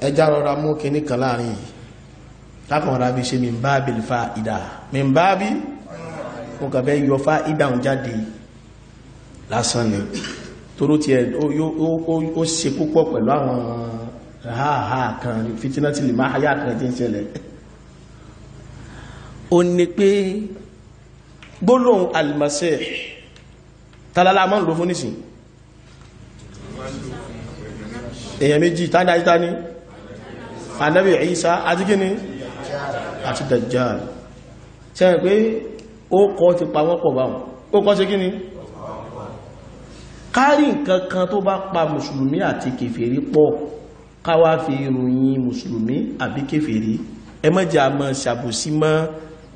ẹjá rọra mú kíní kan láàrin yìí lákànrà bí ṣe mìmbábi fa ìdá mìmbábi mo kàfẹ́ yọ fa ìdá òun jáde lásán ni toró ti ẹ̀ ó ṣe púpọ̀ pẹ̀lú àwọn ráhà kan fitinà ti lè máa háyà kan tí ń ṣẹlẹ̀ o ní pé gbólóhùn almasih tàlálà máa ń lò fún nísìn èèyàn méjì tándáítá ní ànábì Ìsá àti kíni àti Dajjal ṣe rẹ̀ pé ó kọ́ ti pa wọ́n pọ̀ báwọn ó kọ́ ṣe kíni kárí nǹkan kan tó bá pa mùsùlùmí àti kèfèrí pọ̀ káwá fi ìròyìn mùsùlùmí àbí kèfèrí ẹ má jẹ́ àmọ́ ṣàbòsí mọ́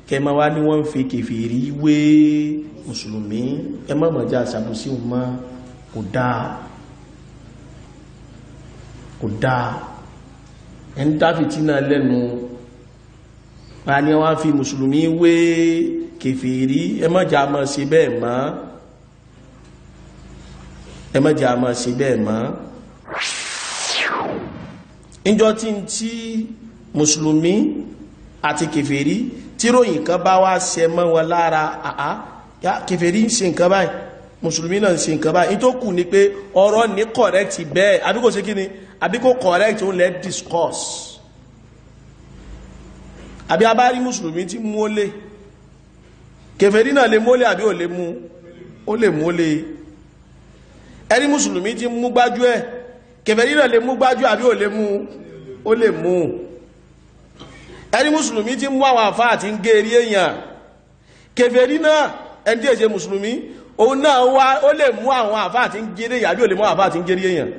kẹmọ wá ní wọ́n ń fi kèfèrí wé mùsùlùmí ẹ má mọ̀ jẹ́ àṣàbòsí wọn mọ́ kò dáa kò dáa ẹni dáfìtì náà lẹ́nu a ní wọ́n fi mùsùlùmí wé kèfèrí ẹmọ́jà mọ́ sí bẹ́ẹ̀ mọ́ ẹmọ́jà mọ́ sí bẹ́ẹ̀ mọ́ ìjọ tí ń tí mùsùlùmí àti kèfèrí tíròyìn kan bá wá ṣe mọ́ wọn lára àá kèfèrí ń ṣe nǹkan báyìí mùsùlùmí náà ń ṣe nǹkan báyìí ní ni pé ọ̀rọ̀ ní kọ̀rẹ́tì bẹ́ẹ̀ àbíkò ṣe kí ni àbí kò correct òun lẹ́ discourse àbí abárí mùsùlùmí tí mú ó lè kèfèrí náà lè mú ó lè àbí ò lè mú ó lè mú ó lè ẹ̀rí mùsùlùmí tí mú gbájú ẹ̀ kèfèrí náà lè mú gbájú àbí ò lè mú ó lè mú ẹ̀rí mùsùlùmí tí mú àwọn àfá àti ń gé eré èèyàn kèfèrí náà ẹni tí èsè mùsùlùmí òun náà wá ó lè mú àwọn àfá àti ń gé eré èèyàn àbí ò lè mú àfá àti ń gé eré èèyàn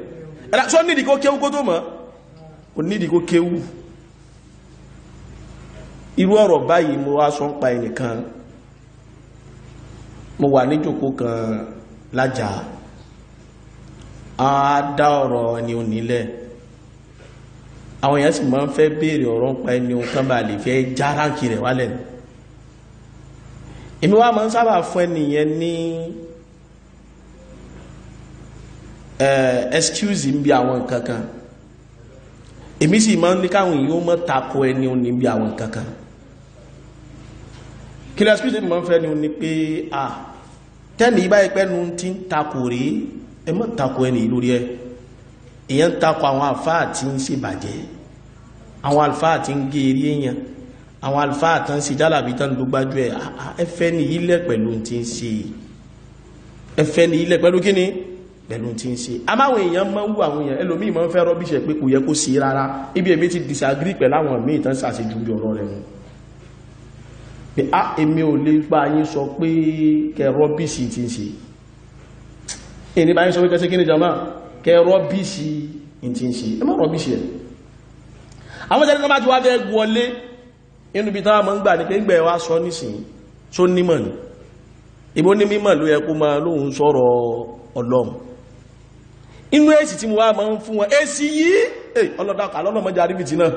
ẹ̀dá sọ nídìí kó kéwú kó tó mọ̀ kò nídìí kó kéwú irú ọ̀rọ̀ báyìí mo wá sọ ń pa ẹnìkan mo wà ní jòkó kan lájà á dá ọ̀rọ̀ ẹni onílẹ̀ àwọn èèyàn sì máa ń fẹ́ béèrè ọ̀rọ̀ ń pa ẹni ohun kan bá lè fẹ́ já ránkì rẹ̀ wálẹ̀ èmi wá máa ń sábà fún ẹnìyẹn ní excuse ń bí àwọn nǹkan kan èmi sì máa ń ní káwọn èèyàn mọ́ tako ẹni òní bí àwọn nǹkan kan kí lọ excuse mi máa ń fẹ́ ni ó ní pé à tẹ́ni ibá ipẹ́ nu ti ń tako rèé ẹ mọ́ tako ẹni lórí ẹ èèyàn ń tako àwọn àlfáà tí ń ṣèbàjẹ́ àwọn àlfáà tí ń gé eré èèyàn àwọn àlfáà tán ṣe jálàbí tán ló gbájú ẹ ẹ fẹ́ ni ilẹ̀ pẹ̀lú ti ń ṣe ẹ fẹ́ ni ilẹ̀ pẹ̀lú kí ni pẹ̀lú tí ń ṣe amáwọn èèyàn mọ́ wú àwọn èèyàn ẹlòmí mọ́ fẹ́ rọ́bíṣẹ̀ pé kò yẹ kó sí rárá ibi èmi ti disagree pẹ̀láwọn míì tán sàṣejú bí ọ̀rọ̀ rẹ̀ wọn pé á èmi ò lè bá yín sọ pé kẹ rọ́bíṣì ti ń ṣe èní bá yín sọ pé kẹsẹ́ kí ni jama kẹ rọ́bíṣì ti ń ṣe ẹ má rọ́bíṣì ẹ̀ àwọn sẹ́ni ọlọ́run inú èsì tí mo wá máa ń fún wọn èsì yìí eh, ọlọ́dàkà lọ́lọ́mọdé àríbìtì náà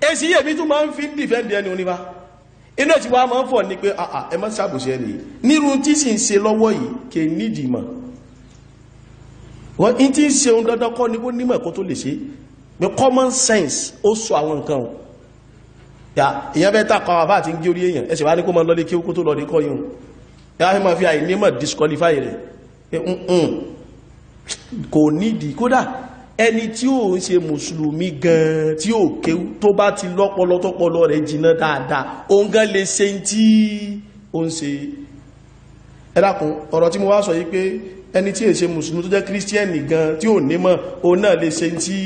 èsì yìí èmi tún máa ń fi dìfẹ́ndì ẹni oníbá inú èsì wá máa ń fọ̀ ní pé àà ah, ah, ẹ má ṣàbòsí ẹni yìí nírú tí sì ń ṣe lọ́wọ́ yìí kè nídìí mọ̀ wọ́n in ti ń ṣe ohun dandan kọ́ ni kó nímọ̀ kó tó lè ṣe pé common sense ó sọ àwọn nǹkan o ìyẹn bẹ́ẹ̀ tà kọ́ àbá àti ń gé orí èèyàn ẹ̀sẹ̀ wá ní kó máa lọlé kí ó kó tó lọ kọ́ yìí o ẹ̀ fi máa fi àìnímọ̀ disqualify rẹ̀ pé kò nídìí kódà ẹni tí ó ń ṣe mùsùlùmí gan tí ó kéwú tó bá ti lọ́pọlọ tọ́pọlọ rẹ̀ jìnnà dáadáa òun gan lè ṣe tí ó ń ṣe ẹ dákun ọ̀rọ̀ tí mo wá sọ yìí pé ẹni tí è ṣe mùsùlùmí tó jẹ́ kírísítíẹ̀nì gan tí ò nímọ̀ òun náà lè ṣe tí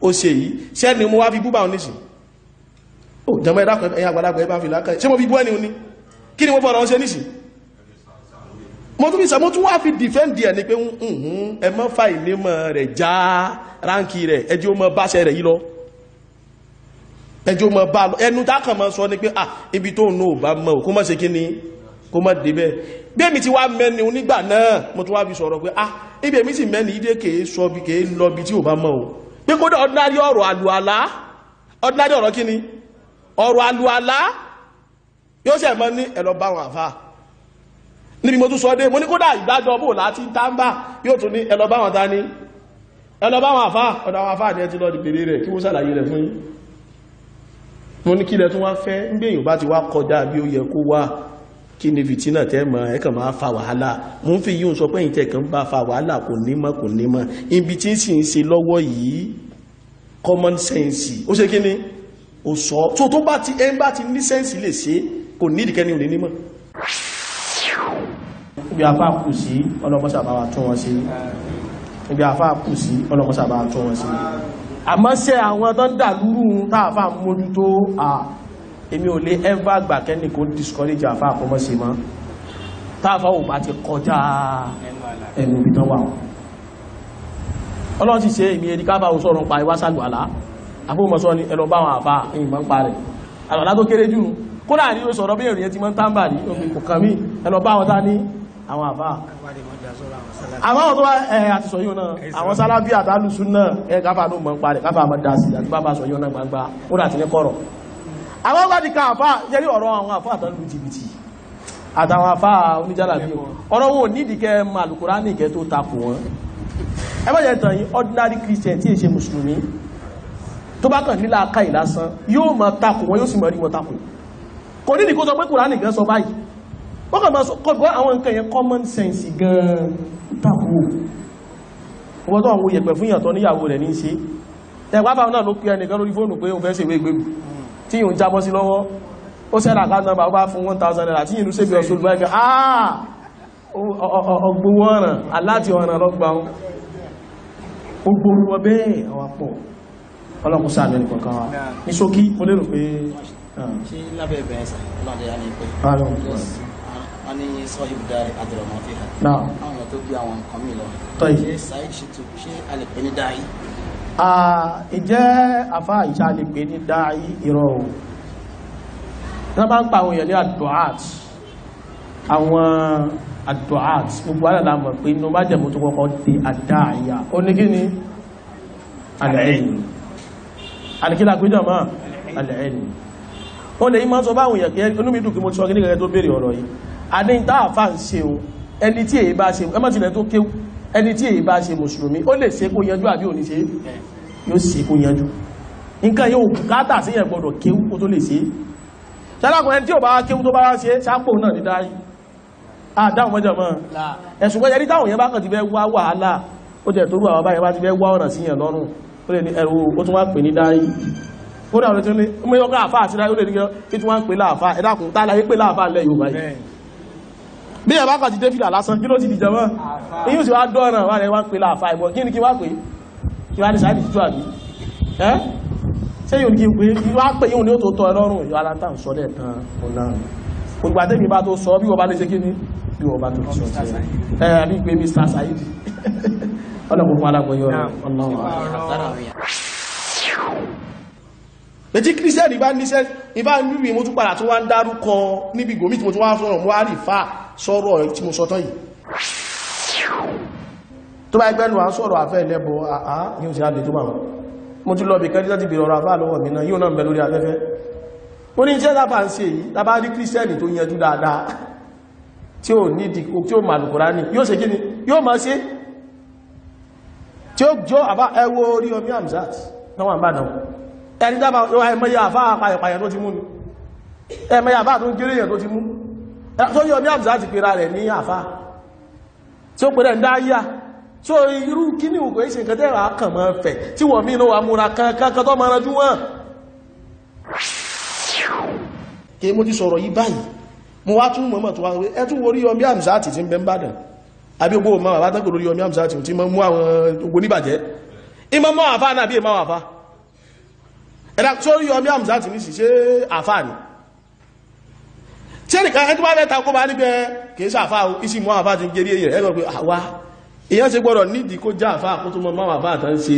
ó ṣe yìí ṣẹ́ni mo wá fi búbà oníṣìí ó jẹ́mọ́ ẹ ẹ̀yà àgbàlagbà ẹ bá fi lákàá ṣé mo fi bú ẹni òní kí ni mo bọ̀rọ̀ ọ́n ṣe níṣìí mo tún fi sọ mo tún wá fi defend ẹ̀ ni pé ẹ mọ́ fa ìnímọ̀ rẹ̀ já ránkì rẹ̀ ẹjọ́ mọ́ báṣẹ rẹ̀ yìí lọ ẹjọ́ mọ́ bá lọ ẹnu tákàn mọ́ sọ ni pé ah ibi tó ń náà bá mọ́ kó mọ́ ṣe kí ni kó mọ́ débẹ̀ bẹ́ẹ̀mí ti wá mẹ́ni onígbà náà mo tún wá fi sọ̀rọ̀ pé ah ibi èmi sì mẹ́ni ìdè kèé sọ bí kèé lọ bí tí ò bá mọ́ o pé kódà ordinary ọ̀rọ̀ àlùalá ordinary ọ̀rọ̀ kí ni ọ̀rọ̀ àlùalá yóò ṣẹ̀ mọ́ ní ẹ̀rọ báwọn àfáà níbi mo tún sọ dé mo ní kódà ìgbàjọ bò láti ń yóò tún ní ẹlọ́báwọn ta ní ẹlọ́báwọn àfá ọ̀dàwọn àfá àti ẹtí lọ́dì pèrè rẹ̀ kí wọ́n sàlàyé rẹ̀ fún yín mo ní kílẹ̀ tún wá fẹ́ ń gbé ti wá kọjá bí ó yẹ kó wá kí ni tẹ́ mọ̀ máa fa wàhálà mo ń fi yíò sọ pé ìtẹ̀ kan bá fa wàhálà kò ní mọ̀ kò ní mọ̀ ibi tí ń sì ń ṣe lọ́wọ́ yìí common sense ó ṣe kí ni ó sọ tó tó bá ti ẹ bá ti ní sense lè ṣe kò ní ìdíkẹ́ ní ibi afá kù sí ọlọ́mọ́sàbáwà tún wọn sí ibi afá kù sí ọlọ́mọ́sàbáwà tún wọn sí àmọ́sẹ́ àwọn tó dàlúrú táàfà mójútó à èmi ò lè ẹ́fà gbà kẹ́ni kó discourage àfà àkọmọ́sí mọ́ táàfà ò bá ti kọjá ẹnu ibi tán wà ọlọ́run ti ṣe èmi ẹni kábà ò sọ̀rọ̀ pa ìwásàlù àlá àfóhùnmọ́sọ́ ni ẹlọ bá àwọn àfà ìmọ̀ ń parẹ̀ àlọ́lá tó kéré jù kó láàrin ó sọ̀rọ̀ bí èrìyẹ ti mọ́ ń tàbàrí omi kò kàn mí ẹlọ bá àwọn tá ní àwọn àbá àwọn tó wá ẹ̀ àti sọ yíò náà àwọn sálábí àtàlùsù náà ẹ káfà ló mọ̀ ń parẹ̀ káfà mọ̀ dá sí àti bábá sọ yíò náà gbangba ó dà ti ní kọ́rọ̀ àwọn ọgbà ti ka àfá jẹ́rí ọ̀rọ̀ àwọn àfá àtàlù jìbìtì àtàwọn àfá oníjàlàbí ọ̀rọ̀ wọn ní ìdíkẹ́ màlùkùránì kẹ́ tó takò wọn ẹ bá jẹ́ tàn yí ordinary christian tí èṣe mùsùlùmí tó bá kàn nílà akáì lásán yóò mọ̀ takò wọn yóò sì mọ̀ rí wọn takò kò ní ìdíkó sọ pé kùránì gan sọ báyìí wọ́n kàn máa sọ kọ́gbọ́ àwọn nǹkan yẹn common sense gan tako wọ́n tó àwọn yẹ̀pẹ̀ fún ìyàtọ̀ níyàwó rẹ̀ ní ṣe ẹgbàbà náà ló pẹ́ ẹnìkan lórí fóònù pé o fẹ́ ṣèwé ìgbèrú tí yìí ń jábọ́ sí lọ́wọ́ ó sẹ́rà àkáàtà bá bá fún 1000 naira tí yìí ló ṣe bí ọ̀ṣọ́ gbẹ́gbẹ́ àà ọgbówó ọ̀ràn aláti ọ̀ràn lọ́gbà ogbòrò wọ bẹ́ẹ̀ àwapọ̀ ọlọ́kùn sáà lẹ́nu kọ̀ọ̀kan wa ní ṣókí mo lérò pé ṣe ah. lábẹ́ ìbẹ̀ẹ́sà lọ́dẹ̀ yà ní pé ani ní sọ́hìb dárí adìrọ̀mọ́ fi hàn. náà àwọn tó gbé àwọn nǹkan mi lọ. tọ́yì ṣé saheed ṣètò ṣé a lè pè ní dáì. ìjẹ́ àfa ìṣá lè pè ní dáì irọ́ o tí wọ́n bá ń pa àwọn èèyàn ní àdùáàt àwọn àdùáàt gbogbo alàlà mọ̀ pé inú bá jẹ̀mú tó kọ́kọ́ di àdáàyà ó ní kí ni àlẹ́ẹ̀lì àlẹ́kílà gbídọ̀ máa àlẹ́ẹ̀lì wọ́n lè yí máa sọ báwọn èèyàn kí ẹni onímìdù kí mo sọ kí ní gẹ́gẹ́ tó béèrè ọ̀rọ̀ yìí àní tá àfà ń ṣe o ẹni tí èyí bá ṣe ẹmọ́tìlẹ̀ tó kéwú ẹni tí èyí bá ṣe mùsùlùmí ó lè ṣe kó yanjú àbí òní ṣe yóò ṣe kó yanjú nǹkan yóò kátà sí yẹn gbọdọ̀ kéwú kó tó lè ṣe ṣálákùn ẹni tí ò bá kéwú tó bá wá ṣe sápò náà ní dárí àdáhùn mọ́jọ mọ́ ẹ̀sùn pé ẹni táwọn yẹn bá kàn ti fẹ́ wá wàhálà ó jẹ́ tó rú àwọn báyẹn bá ti fẹ́ wá ọ̀nà sí yẹn lọ́rùn ó lè ní ẹ̀rù ó tún wá pè ní dárí ó dà ó ní mọ́ ọkọ̀ àfáà sí dárí ó lè ní kí tún wá pè láàfáà ẹ̀dàkùn tá láyé pè láàfáà lẹ́yìn ò bí ẹ̀bá kà ti dé fìlà lásán kí ló ti dìjọ mọ́ èyí sì wá dọ́ràn wà rẹ̀ wá pé láàfà ìbọn kí ni kí wá pé kí wá ní sáàdì títú àbí ẹ́ ṣé yóò ní kí pé kí wá pé yóò ní ó tó tọ́ ẹlọ́rùn ìyọ́ aláta ń sọ dẹ̀ tán ọ̀nà ògbà tẹ́mi bá tó sọ bí wọ́n bá lè ṣe kí ni bí wọ́n bá tó sọ ẹ̀ ẹ̀ bí pé Mr. Saheed ọlọ́pùpù alágbọ̀yọ́ rẹ̀ ọlọ́run ẹ̀tí kírísẹ́rì bá níṣẹ́ ìbá ń rí mo tún padà tó wá ń dárúkọ níbi gòmí tí mo tún wá fọ́nà mo wá sọ́rọ̀ tí mo sọtán yìí tó bá ẹgbẹ́nu a ń sọ̀rọ̀ àfẹ́ ẹlẹ́bọ àá yóò sí alẹ́ tó bá wọn mo ti lọ bí kẹ́ láti bèèrè ọ̀rọ̀ àfáà lọ́wọ́ mi náà yóò náà bẹ lórí afẹ́fẹ́ ó ní iṣẹ́ lápá ń ṣe yìí ni yóò máa ṣe tí ó jọ àbá ẹwọ orí omi amzat náà wà náà ẹni dábà ẹmẹ́yà àfáà pàyẹ̀pàyẹ̀ tó ti mú ni ẹmẹ́yà àbá tó ń gẹ́rẹ́yẹ̀ tó ti mú sórí ọmí àbùsá ti pèrà rẹ̀ ní àfá tí ó pèrè ń dáyà tí ó irú kí ní òkú èsì nǹkan tẹ́rà kàn mọ́ fẹ̀ tí wọ́n mí náà wà múra kankan tó mara jú wọ́n kí mo ti sọ̀rọ̀ yí báyìí mo wá tún mọ́mọ̀ tó wá wé ẹtún orí ọmí àbùsá ti ti ń bẹ mọ́ tí ẹnìkan ẹni tó bá lẹ́ta kó bá níbẹ̀ kìí sàfá isi mọ́ àfá ti ń gẹ́rí èyàn ẹgbẹ̀ àwá èyàn ṣe gbọ́dọ̀ nídìí kó já àfá kó tó mọ́ máa àfá àtàn ṣe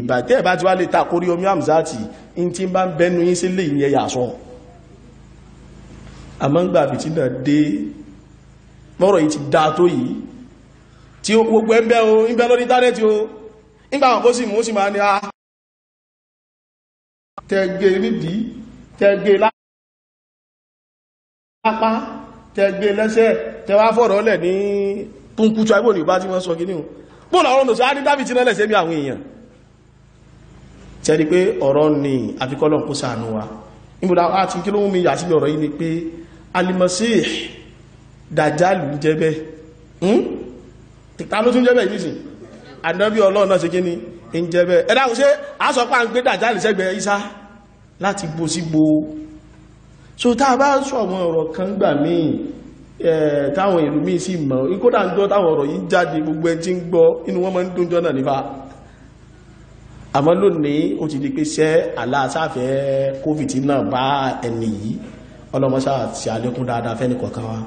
ìbàjẹ́ ìbá ti wá lè ta kórí omi àmìsáàtì in ti bá ń bẹnu yín sílé ìyẹn yàsọ àmọ́ngbà àbìtí náà dé sí máa ní a ah, pápá tẹgbẹ́ lẹ́sẹ̀ tẹwà fọ̀rọ̀ lẹ̀ ní púnkútù àìbò ní ìbá tí wọ́n sọ gíní o bó làwọn ọ̀nà sọ́rọ̀ dábì tí lẹ́lẹ̀ sẹ́bí àwọn èèyàn tẹ́rí pé ọ̀rọ̀ ni àfikọ́lọ̀ kó sàánú wa níbùdá àti kí ló mú mi yà sí ọ̀rọ̀ yìí ni pé alimọ̀sí dàjálù jẹ́bẹ̀ hmm? ta ló tún jẹ́bẹ̀ yìí sìn àdábí ọlọ́run náà ṣe kí ni ń jẹ́bẹ̀ ẹ̀dá kò ṣe àsọpá ń gbé dàjálù sẹ́gbẹ̀ẹ́ isa láti bo síbo so tá a bá sọ àwọn ọ̀rọ̀ kan gbà míì táwọn ìlú míì sì mọ̀ kódà ń jọ́ táwọn ọ̀rọ̀ yìí jáde gbogbo ẹ tí ń gbọ́ inú wọn máa ń dúnjọ́ náà nípa àmọ́ lónìí ó ti di pé ṣẹ́ aláàsáfẹ́ covid náà bá ẹni yìí ọlọ́mọṣà ṣe àlékún dáadáa fẹ́ni kọ̀ọ̀kan wa